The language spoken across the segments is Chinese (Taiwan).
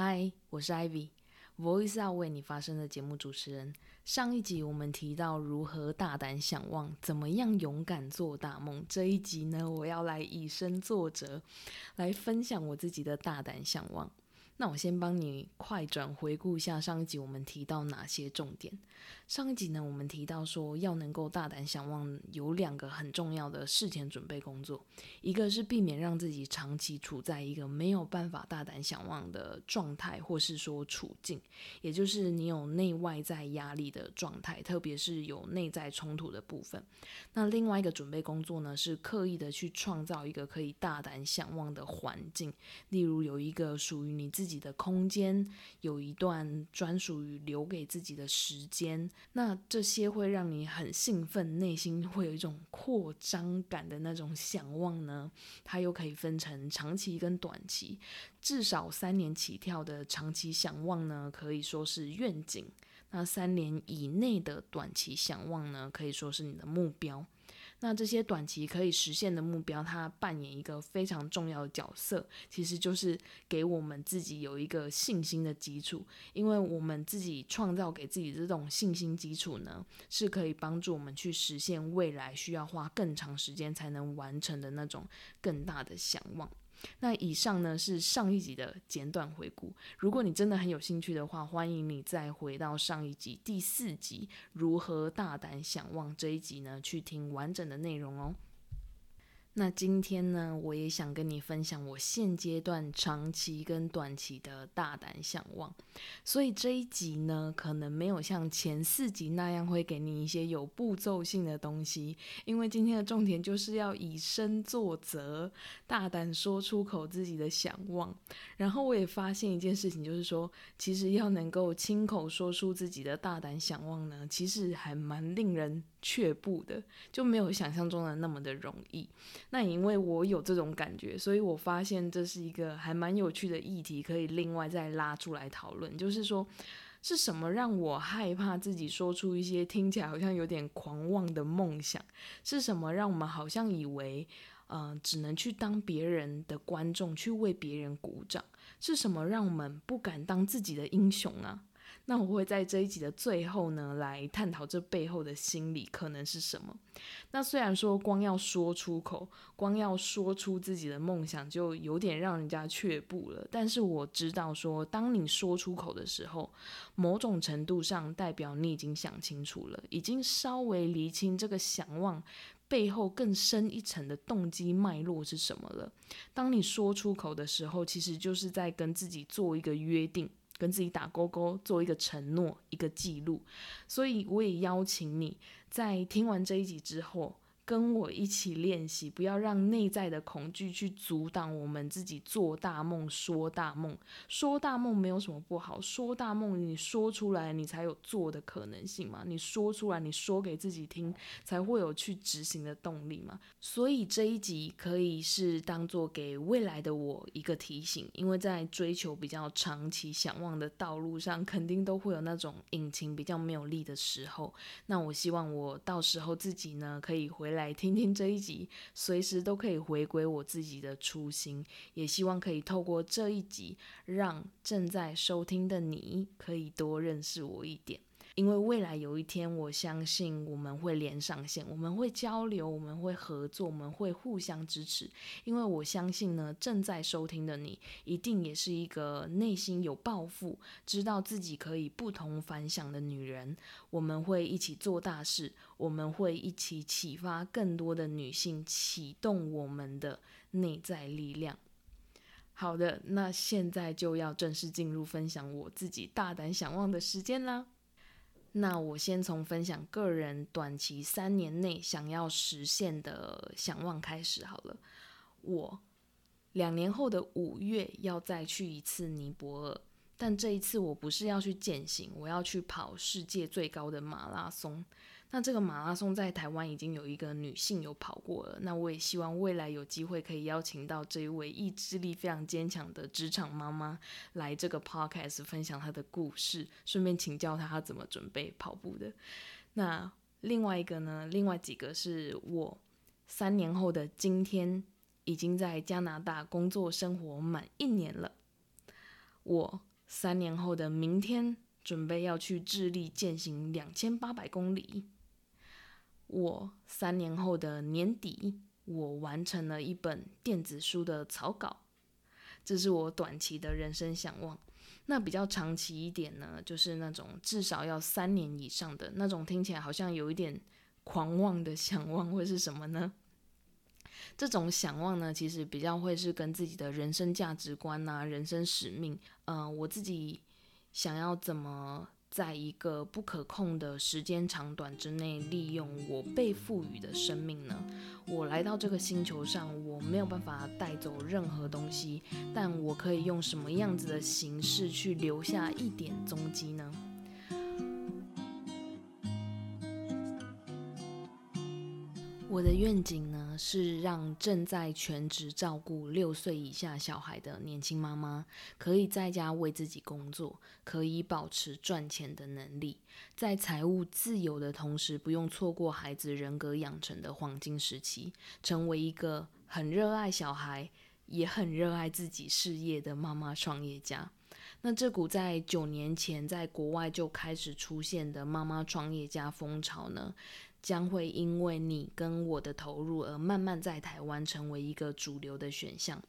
嗨，我是 Ivy，Voice Out 為你發聲的節目主持人。上一集我們提到如何大膽想望，怎麼樣勇敢做大夢。這一集呢，我要來以身作則，來分享我自己的大膽想望。那我先幫你快轉回顧一下上一集我們提到哪些重點。上一集呢，我們提到說要能夠大膽想望，有兩個很重要的事前準備工作，一個是避免讓自己長期處在一個沒有辦法大膽想望的狀態，或是說處境，也就是你有內外在壓力的狀態，特別是有內在衝突的部分。那另外一個準備工作呢，是刻意的去創造一個可以大膽想望的環境，例如有一個屬於你自己自己的空間有一段專屬於留給自己的時間，那這些會讓你很興奮，內心會有一種擴張感的那種想望呢？它又可以分成長期跟短期，至少三年起跳的長期想望呢，可以說是願景；那三年以內的短期想望呢，可以說是你的目標。那這些短期可以實現的目標，它扮演一個非常重要的角色，其實就是給我們自己有一個信心的基礎。因為我們自己創造給自己這種信心基礎呢，是可以幫助我們去實現未來需要花更長時間才能完成的那種更大的想望。那以上呢，是上一集的簡短回顧。如果你真的很有興趣的話，歡迎你再回到上一集第四集《如何大膽想望》這一集呢，去聽完整的內容哦。那今天呢，我也想跟你分享我現階段長期跟短期的大膽想望，所以這一集呢，可能沒有像前四集那樣會給你一些有步驟性的東西，因為今天的重點就是要以身作則，大膽說出口自己的想望。然後我也發現一件事情，就是說，其實要能夠親口說出自己的大膽想望呢，其實還蠻令人卻步的，就沒有想象中的那麼的容易。那因為我有這種感覺，所以我發現這是一個還蠻有趣的議題，可以另外再拉出來討論。就是說，是什麼讓我害怕自己說出一些聽起來好像有點狂妄的夢想？是什麼讓我們好像以為，嗯、呃，只能去當別人的觀眾，去為別人鼓掌？是什麼讓我們不敢當自己的英雄啊？那我會在這一集的最後呢，來探討這背後的心理可能是什麼。那雖然說光要說出口，光要說出自己的夢想，就有點讓人家卻步了。但是我知道說，說當你說出口的時候，某種程度上代表你已經想清楚了，已經稍微釐清這個想望背後更深一層的動機脈絡是什麼了。當你說出口的時候，其實就是在跟自己做一個約定。跟自己打勾勾，做一個承諾，一個記錄。所以我也邀請你在聽完這一集之後，跟我一起練習，不要讓內在的恐懼去阻擋我們自己做大夢、說大夢、說大夢沒有什麼不好。說大夢，你說出來，你才有做的可能性嘛，你說出來，你說給自己聽，才會有去執行的動力嘛。所以這一集可以是當做給未來的我一個提醒，因為在追求比較長期想望的道路上，肯定都會有那種引擎比較沒有力的時候。那我希望我到時候自己呢，可以回來。來聽聽這一集，隨時都可以回歸我自己的初心，也希望可以透過這一集，讓正在收聽的你可以多認識我一點。因為未來有一天，我相信我們會連上線，我們會交流，我們會合作，我們會互相支持。因為我相信呢，正在收聽的你，一定也是一個內心有抱負、知道自己可以不同凡響的女人。我們會一起做大事，我們會一起啟發更多的女性，啟動我們的內在力量。好的，那現在就要正式進入分享我自己大膽想望的時間啦。那我先從分享個人短期三年內想要實現的想望開始好了。我兩年後的五月要再去一次尼泊爾，但這一次我不是要去健行，我要去跑世界最高的馬拉松。那這個馬拉松在台灣已經有一個女性有跑過了，那我也希望未來有機會可以邀請到這一位意志力非常堅強的職場媽媽來這個 podcast 分享她的故事，順便請教她她怎麼準備跑步的。那另外一個呢，另外幾個是我三年後的今天已經在加拿大工作生活滿一年了，我三年後的明天準備要去智利踐行兩千八百公里。我三年後的年底，我完成了一本電子書的草稿，這是我短期的人生想望。那比較長期一點呢，就是那種至少要三年以上的那種，聽起來好像有一點狂妄的想望，會是什麼呢？這種想望呢，其實比較會是跟自己的人生價值觀吶、啊、人生使命，嗯、呃，我自己想要怎麼。在一個不可控的時間長短之內，利用我被賦予的生命呢，我來到這個星球上，我沒有辦法帶走任何東西，但我可以用什麼樣子的形式去留下一點蹤跡呢？我的願景呢？是讓正在全職照顧六歲以下小孩的年輕媽媽，可以在家為自己工作，可以保持賺錢的能力，在財務自由的同時，不用錯過孩子人格養成的黃金時期，成為一個很熱愛小孩，也很熱愛自己事業的媽媽創業家。那這股在九年前在國外就開始出現的媽媽創業家風潮呢，將會因為你跟我的投入而慢慢在台灣成為一個主流的選項。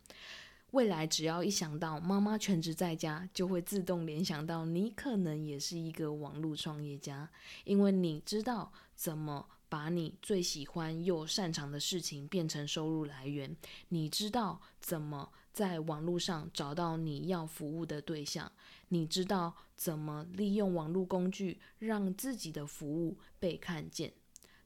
未來只要一想到媽媽全職在家，就會自動聯想到你可能也是一個網絡創業家，因為你知道怎麼把你最喜歡又擅長的事情變成收入來源，你知道怎麼。在網絡上找到你要服務的對象，你知道怎麼利用網絡工具讓自己的服務被看見。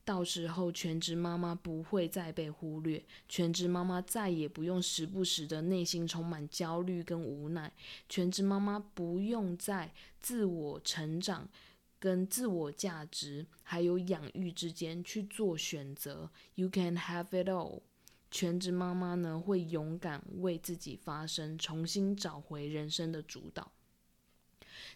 到時候，全職媽媽不會再被忽略，全職媽媽再也不用時不時的內心充滿焦慮跟無奈，全職媽媽不用在自我成長、跟自我價值還有養育之間去做選擇。You can have it all. 全職媽媽呢，會勇敢為自己發聲，重新找回人生的主導。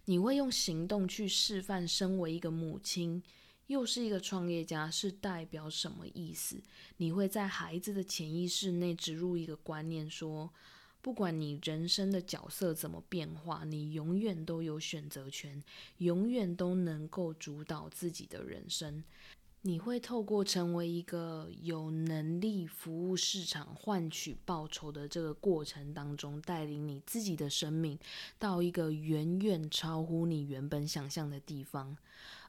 你會用行動去示範，身為一個母親，又是一個創業家，是代表什麼意思？你會在孩子的潛意識內植入一個觀念，說不管你人生的角色怎麼變化，你永遠都有選擇權，永遠都能夠主導自己的人生。你會透過成為一個有能力服務市場、換取報酬的這個過程當中，帶領你自己的生命到一個遠遠超乎你原本想象的地方。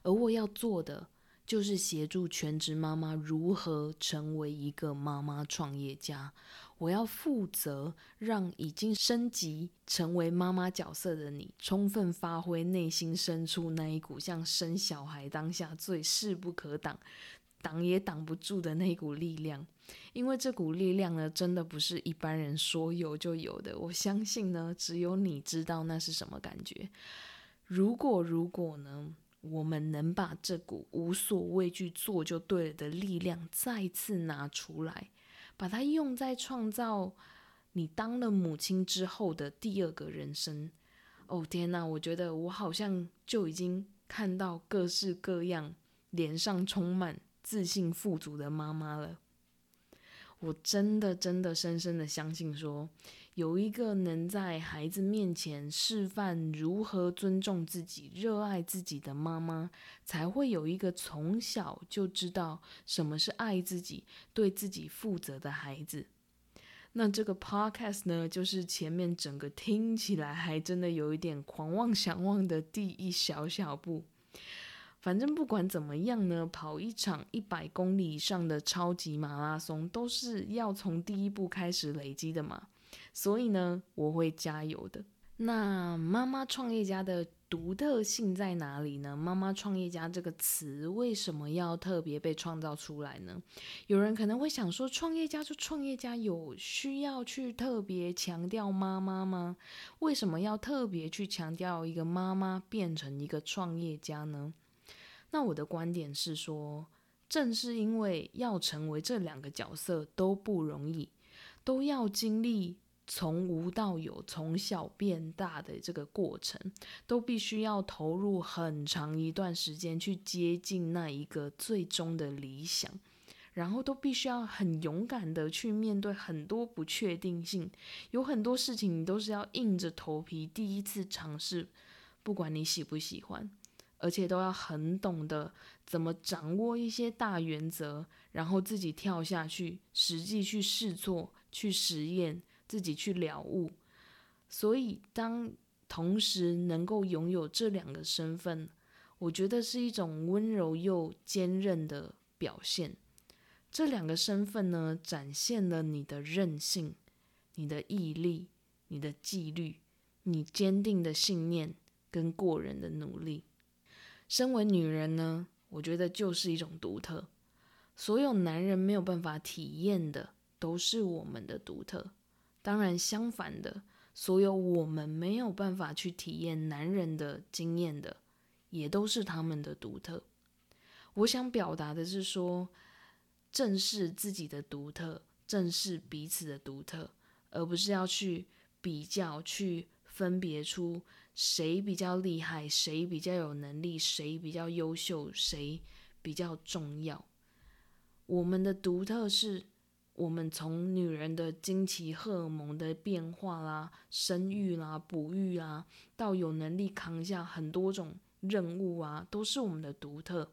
而我要做的，就是協助全職媽媽如何成為一個媽媽創業家。我要負責讓已經升級成為媽媽角色的你，充分發揮內心深處那一股像生小孩當下最勢不可擋、擋也擋不住的那一股力量。因為這股力量呢，真的不是一般人說有就有的。我相信呢，只有你知道那是什麼感覺。如果如果呢，我們能把這股無所畏懼、做就對了的力量再次拿出來。把它用在創造你當了母親之後的第二個人生，哦、oh, 天哪！我覺得我好像就已經看到各式各樣臉上充滿自信、富足的媽媽了。我真的真的深深的相信說。有一個能在孩子面前示範如何尊重自己、熱愛自己的媽媽，才會有一個從小就知道什麼是愛自己、對自己負責的孩子。那這個 podcast 呢，就是前面整個聽起來還真的有一點狂妄想望的第一小小步。反正不管怎麼樣呢，跑一場一百公里以上的超級馬拉松，都是要從第一步開始累積的嘛。所以呢，我會加油的。那媽媽創業家的獨特性在哪裡呢？媽媽創業家這個詞為什麼要特別被創造出來呢？有人可能會想說，創業家就創業家，有需要去特別強調媽媽嗎？為什麼要特別去強調一個媽媽變成一個創業家呢？那我的觀點是說，正是因為要成為這兩個角色都不容易，都要經歷。從無到有，從小變大的這個過程，都必須要投入很長一段時間去接近那一個最終的理想，然後都必須要很勇敢的去面對很多不確定性，有很多事情你都是要硬着頭皮第一次嘗試，不管你喜不喜歡，而且都要很懂得怎麼掌握一些大原則，然後自己跳下去，實際去試錯，去實驗。自己去了悟，所以當同時能夠擁有這兩個身份，我覺得是一種溫柔又堅韌的表現。這兩個身份呢，展現了你的韌性、你的毅力、你的紀律、你堅定的信念跟過人的努力。身為女人呢，我覺得就是一種獨特。所有男人沒有辦法體驗的，都是我們的獨特。當然，相反的，所有我們沒有辦法去體驗男人的經驗的，也都是他們的獨特。我想表達的是說，正視自己的獨特，正視彼此的獨特，而不是要去比較、去分別出誰比較厲害、誰比較有能力、誰比較優秀、誰比較重要。我們的獨特是。我們從女人的經期、荷爾蒙的變化啦、生育啦、哺育啊，到有能力扛下很多種任務啊，都是我們的獨特。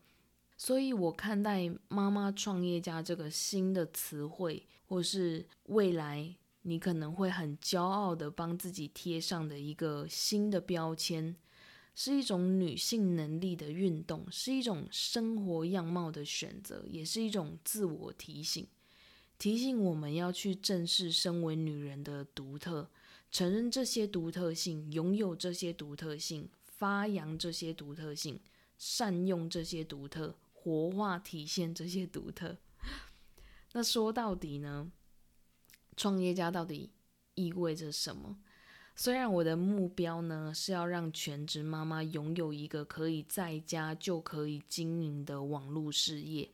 所以，我看待“媽媽創業家”這個新的詞彙，或是未來你可能會很驕傲的幫自己貼上的一個新的標籤，是一種女性能力的運動，是一種生活樣貌的選擇，也是一種自我提醒。提醒我們要去正視身為女人的獨特，承認這些獨特性，擁有這些獨特性，發揚這些獨特性，善用這些獨特，活化體現這些獨特。那說到底呢？創業家到底意味着什麼？雖然我的目標呢，是要讓全職媽媽擁有一個可以在家就可以經營的網絡事業。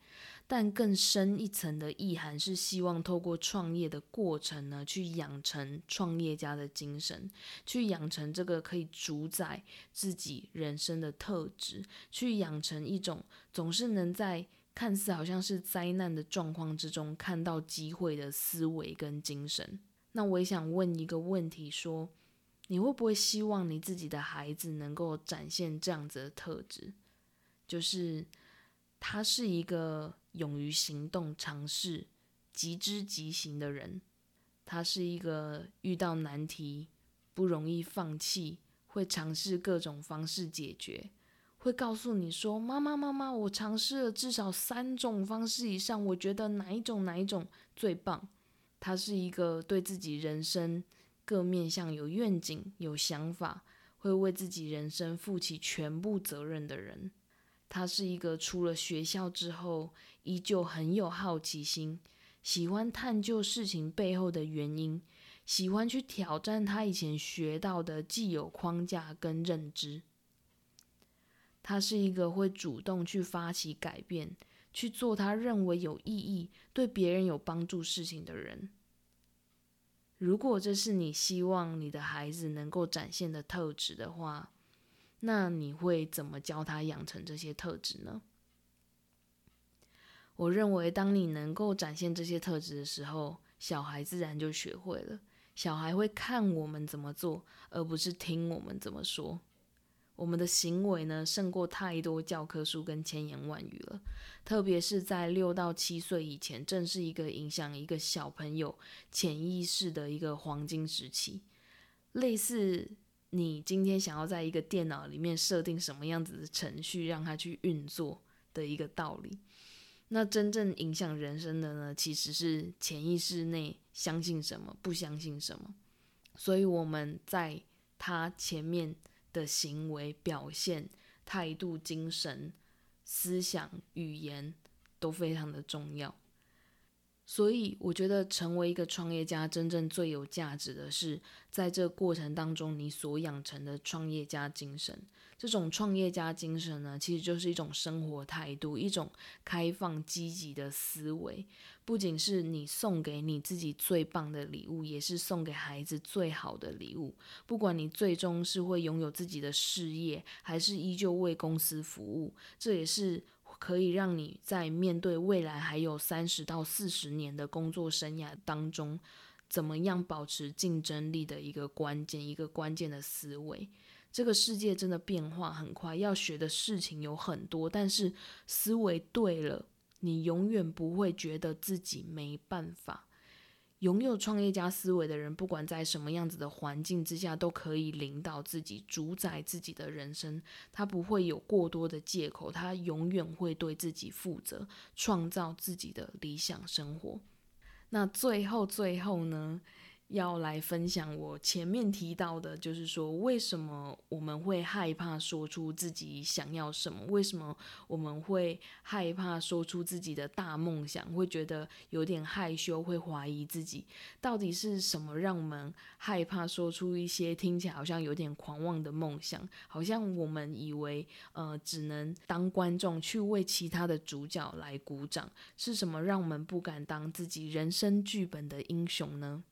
但更深一層的意涵是，希望透過創業的過程呢，去養成創業家的精神，去養成這個可以主宰自己人生的特質，去養成一種總是能在看似好像是災難的狀況之中看到機會的思維跟精神。那我也想問一個問題說，說你會不會希望你自己的孩子能夠展現這樣子的特質，就是他是一個。勇於行動、嘗試、即知即行的人，他是一個遇到難題不容易放棄，會嘗試各種方式解決，會告訴你說：“媽媽，媽媽，我嘗試了至少三種方式以上，我覺得哪一種哪一種最棒。”他是一個對自己人生各面向有願景、有想法，會為自己人生負起全部責任的人。他是一個出了學校之後依舊很有好奇心，喜歡探究事情背後的原因，喜歡去挑戰他以前學到的既有框架跟認知。他是一個會主動去發起改變，去做他認為有意義、對別人有幫助事情的人。如果這是你希望你的孩子能夠展現的特質的話。那你會怎麼教他養成這些特質呢？我認為，當你能夠展現這些特質的時候，小孩自然就學會了。小孩會看我們怎麼做，而不是聽我們怎麼說。我們的行為呢，勝過太多教科書跟千言萬語了。特別是在六到七歲以前，正是一個影響一個小朋友潛意識的一個黃金時期，類似。你今天想要在一個電腦裡面設定什麼樣子的程序，讓它去運作的一個道理。那真正影響人生的呢，其實是潛意識內相信什麼，不相信什麼。所以我們在他前面的行為、表現、態度、精神、思想、語言都非常的重要。所以，我覺得成為一個創業家，真正最有價值的是，在這過程當中你所養成的創業家精神。這種創業家精神呢，其實就是一種生活態度，一種開放積極的思維。不僅是你送給你自己最棒的禮物，也是送給孩子最好的禮物。不管你最終是會擁有自己的事業，還是依舊為公司服務，這也是。可以讓你在面對未來還有三十到四十年的工作生涯當中，怎麼樣保持競爭力的一個關鍵，一個關鍵的思維。這個世界真的變化很快，要學的事情有很多，但是思維對了，你永遠不會覺得自己沒辦法。擁有創業家思維的人，不管在什麼樣子的環境之下，都可以領導自己、主宰自己的人生。他不會有過多的借口，他永遠會對自己負責，創造自己的理想生活。那最後，最後呢？要來分享我前面提到的，就是說為什麼我們會害怕說出自己想要什麼？為什麼我們會害怕說出自己的大夢想？會覺得有點害羞，會懷疑自己。到底是什麼讓我們害怕說出一些聽起來好像有點狂妄的夢想？好像我們以為，呃，只能當觀眾去為其他的主角來鼓掌。是什麼讓我們不敢當自己人生劇本的英雄呢？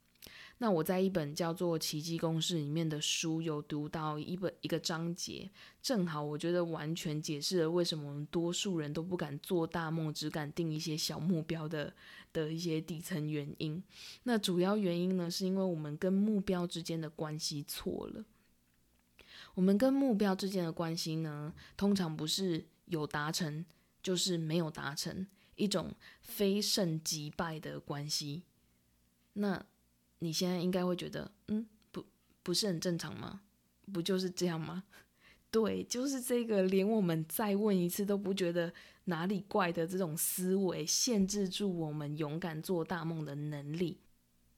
那我在一本叫做《奇蹟公式》裡面的書，有讀到一本一個章節，正好我覺得完全解釋了為什麼我們多數人都不敢做大夢，只敢定一些小目標的的一些底層原因。那主要原因呢，是因為我們跟目標之間的關係錯了。我們跟目標之間的關係呢，通常不是有達成，就是沒有達成，一種非勝即敗的關係。那。你現在應該會覺得，嗯，不，不是很正常嗎？不就是這樣嗎？對，就是這個，連我們再問一次都不覺得哪裡怪的這種思維，限制住我們勇敢做大夢的能力。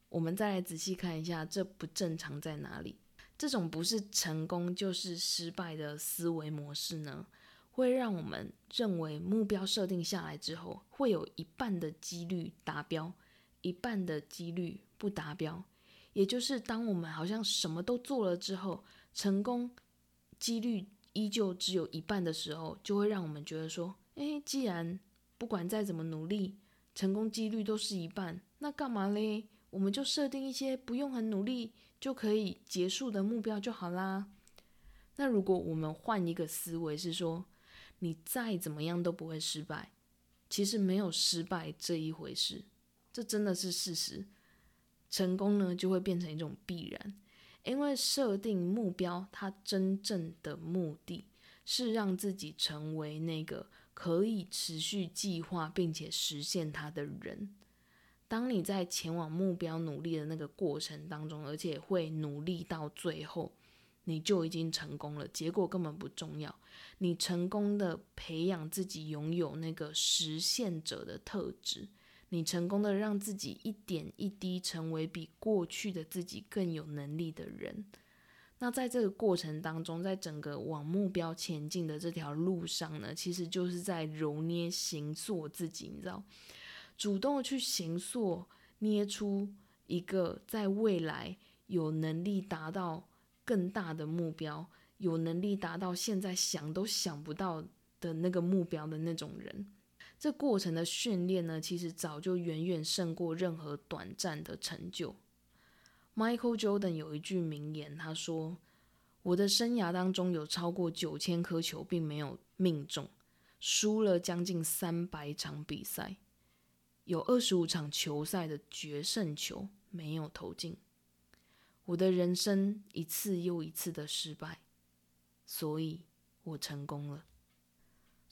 我們再來仔細看一下，這不正常在哪裡？這種不是成功就是失敗的思維模式呢，會讓我們認為目標設定下來之後，會有一半的幾率達標。一半的幾率不達標，也就是當我們好像什麼都做了之後，成功幾率依舊只有一半的時候，就會讓我們覺得說：“誒，既然不管再怎麼努力，成功幾率都是一半，那幹嘛嘞？我們就設定一些不用很努力就可以結束的目標就好啦。”那如果我們換一個思維，是說你再怎麼樣都不會失敗，其實沒有失敗這一回事。這真的是事實，成功呢就會變成一種必然，因為設定目標，它真正的目的是讓自己成為那個可以持續計劃並且實現它的人。當你在前往目標努力的那個過程當中，而且會努力到最後，你就已經成功了。結果根本不重要，你成功的培養自己擁有那個實現者的特質。你成功的讓自己一點一滴成為比過去的自己更有能力的人。那在這個過程當中，在整個往目標前進的這條路上呢，其實就是在揉捏、形塑自己，你知道，主動的去形塑、捏出一個在未來有能力達到更大的目標、有能力達到現在想都想不到的那個目標的那種人。這過程的訓練呢，其實早就遠遠勝過任何短暫的成就。Michael Jordan 有一句名言，他說：“我的生涯當中有超過九千顆球並沒有命中，輸了將近三百場比賽，有二十五場球賽的決勝球沒有投進。我的人生一次又一次的失敗，所以我成功了。”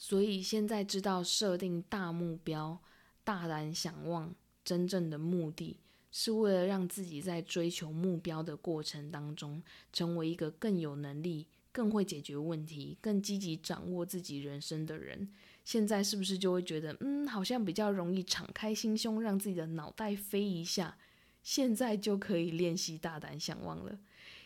所以現在知道設定大目標、大膽想望，真正的目的是為了讓自己在追求目標的過程當中，成為一個更有能力、更會解決問題、更積極掌握自己人生的人。現在是不是就會覺得，嗯，好像比較容易敞開心胸，讓自己的腦袋飛一下？現在就可以練習大膽想望了。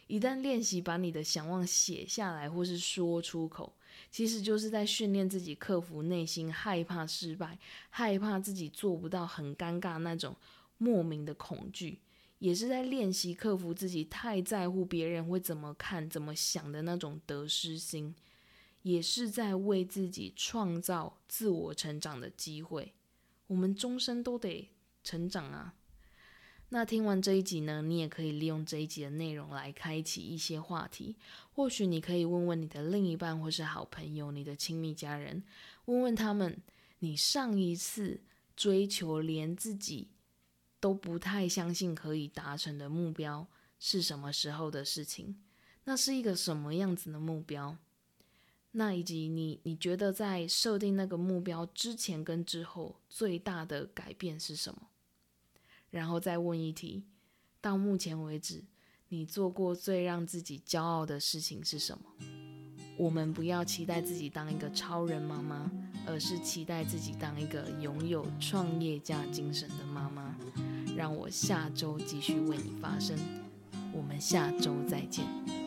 一旦練習，把你的想望寫下來，或是說出口。其實就是在訓練自己克服內心害怕失敗、害怕自己做不到很尷尬的那種莫名的恐懼，也是在練習克服自己太在乎別人會怎麼看、怎麼想的那種得失心，也是在為自己創造自我成長的機會。我們終身都得成長啊！那聽完這一集呢，你也可以利用這一集的內容來開啟一些話題。或許你可以問問你的另一半或是好朋友，你的親密家人，問問他們，你上一次追求連自己都不太相信可以達成的目標是什麼時候的事情？那是一個什麼樣子的目標？那以及你你覺得在設定那個目標之前跟之後，最大的改變是什麼？然後再問一題，到目前為止，你做過最讓自己驕傲的事情是什麼？我們不要期待自己當一個超人媽媽，而是期待自己當一個擁有創業家精神的媽媽。讓我下週繼續為你發聲，我們下週再見。